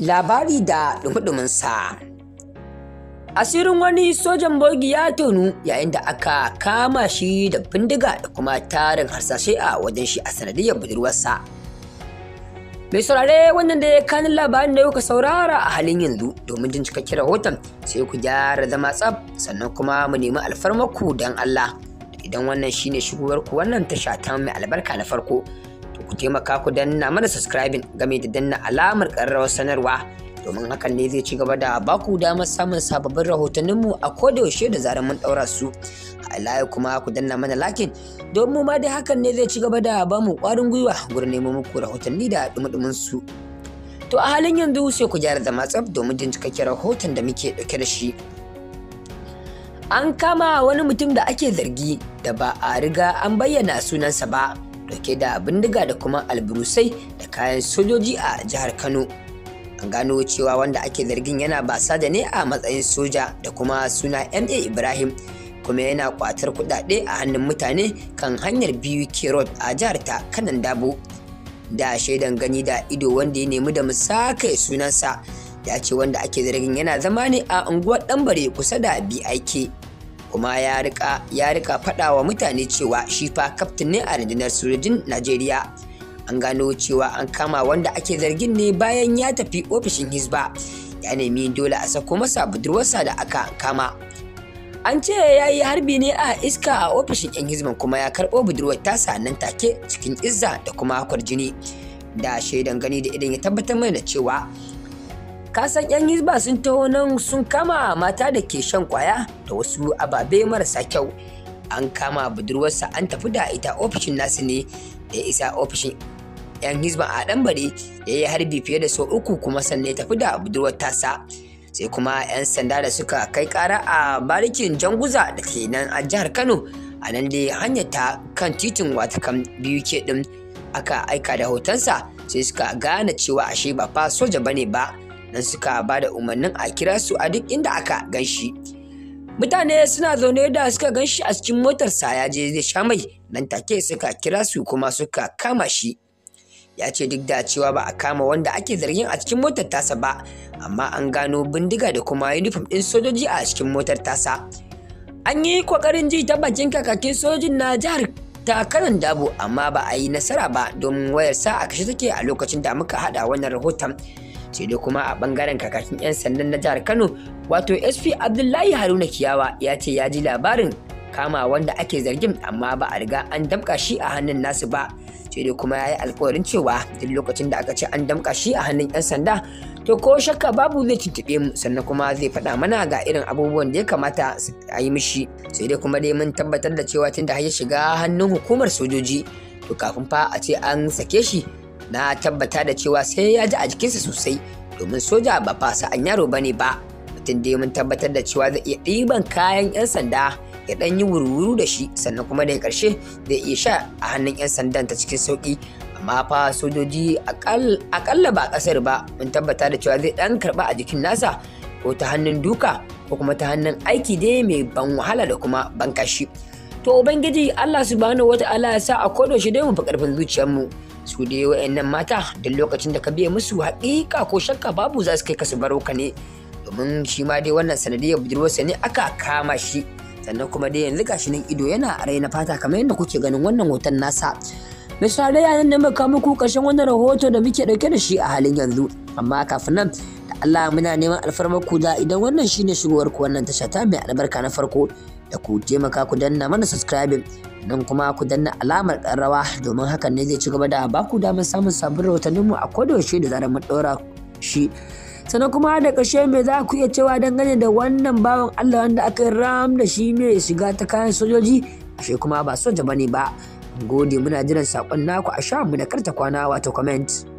labari da sa asirin wani sojan bogi ya tonu yayin da aka kama shi da bindiga da kuma tarin harsashe a wajen shi a sanadiyar budurwarsa mai saurare wannan da ya kani labarin da kuka saurara a halin yanzu domin jin cikakken rahoton sai ku gyara zama tsaf sannan kuma mu nemi alfarmaku don allah idan wannan shine shigowar ku wannan tasha ta mai albarka na farko ku taimaka ku danna mana subscribing game da danna alamar ƙararrawar sanarwa domin hakan ne zai ci gaba da ba baku damar samun sababbin rahotanninmu a kodayaushe da zarar mun ɗaura su halaye kuma ku danna mana lakin don mu ma dai hakan ne zai ci gaba da ba mu ƙwarin gwiwa gurin nemo muku rahotanni da dumudumin su to a halin yanzu sai ku gyara zama tsaf domin jin cikakken rahoton da muke ɗauke da shi an kama wani mutum da ake zargi da ba a riga an bayyana sunansa ba dauke da bindiga da kuma alburusai da kayan sojoji a jihar kano an gano cewa wanda ake zargin yana basa da ne a matsayin soja da kuma suna ma ibrahim kuma yana kwatar kudade a hannun mutane kan hanyar biyu road a jihar ta kanan dabo da shaidan gani da ido wanda ya nemi da musaka sunansa ya ce wanda ake zargin yana zama ne a unguwar ɗanbare kusa da bik kuma ya rika ya faɗa wa mutane cewa shi fa kaftin ne a rundunar sojojin najeriya an gano cewa an kama wanda ake zargin ne bayan ya tafi ofishin hisba ya nemi dole a sako masa budurwarsa da aka kama an ce ya yi harbi ne a iska a ofishin yan hizban kuma ya karɓo budurwar tasa nan take cikin izza da kuma jini da shaidan gani da idan ya tabbatar mana da cewa kasan yan hizba sun taho nan sun kama mata da ke shan kwaya da wasu ababe marasa kyau an kama budurwarsa an tafi da ita ofishin nasu ne da isa ofishin yan hizba a ɗanbare ya yi harbi fiye da sau uku kuma sannan ya tafi da budurwar tasa sai kuma 'yan sanda da suka kai kara a barikin janguza da ke nan a jihar kano a nan dai hanyar ta kan titin wata kan biyu ke din aka aika da hotonsa sai suka gane cewa ashe ba fa soja bane ba nan suka ba da umarnin a kira su a duk inda aka gan shi mutane suna zaune da suka gan shi a cikin motarsa ya je zai sha mai nan take suka kira su kuma suka kama shi ya ce duk da cewa ba a kama wanda ake zargin a cikin motar tasa ba amma an gano bindiga da kuma yunifom ɗin sojoji a cikin motar tasa an yi ƙoƙarin ji ta bakin kakakin sojin na jihar ta karan dabo amma ba a yi nasara ba domin wayar sa a kashe take a lokacin da muka hada wannan rahoton sai dai kuma a bangaren kakakin 'yan sandan na jihar kano wato sp abdullahi haruna kiyawa ya ce ya ji labarin kama wanda ake zargin amma ba a riga an damka shi a hannun nasu ba sai dai kuma ya yi alkawarin cewa duk lokacin da aka ce an damka shi a hannun 'yan sanda to ko shakka babu zai tuntuɓe mu sannan kuma zai faɗa mana ga irin abubuwan da ya kamata a yi mishi sai dai kuma dai mun tabbatar da cewa tunda har ya shiga hannun hukumar sojoji to kafin fa a ce an sake shi na tabbata da cewa sai ya ji a jikinsa sosai domin soja ba fasa an yaro ba ne ba mutum dai mun tabbatar da cewa zai iya ɗiban kayan 'yan sanda ya ɗan yi wurwuru da shi sannan kuma daga ƙarshe zai iya sha a hannun 'yan sandan ta cikin sauƙi amma fa sojoji akalla ba ƙasar ba mun tabbata da cewa zai ɗan karɓa a jikin nasa ko ta hannun duka ko kuma ta hannun aiki dai mai ban wahala da kuma ban kashi. to ubangiji Allah subhanahu wata'ala ya sa a kodo shi dai mu fi karfin mu su dai wayannan mata duk lokacin da ka biya musu haƙiƙa ko shakka babu za su kai ka su baro ka ne domin shi ma dai wannan sanadiyar budurwarsa ne aka kama shi sannan kuma dai yanzu gashi nan ido yana a raina fata kamar yadda kuke ganin wannan hoton nasa misali yayin da muka muku karshen wannan rahoto da muke dauke da shi a halin yanzu amma kafin nan Allah muna neman alfarmar ku da idan wannan ne shigowar ku wannan tasha ta mai albarka na farko da ku taimaka ku danna mana subscribing nan kuma ku danna alamar rawa domin hakan ne zai ci gaba da ba ku damar samun sabbin rahotannin mu a kodayaushe da zarar mun ɗora shi sannan kuma da ƙarshe me za ku iya cewa dangane da wannan bawan Allah wanda aka ram da shi mai shiga ta kayan sojoji ashe kuma ba soja bane ba gode muna jiran saƙon naku a sha mu da karta kwana wato comment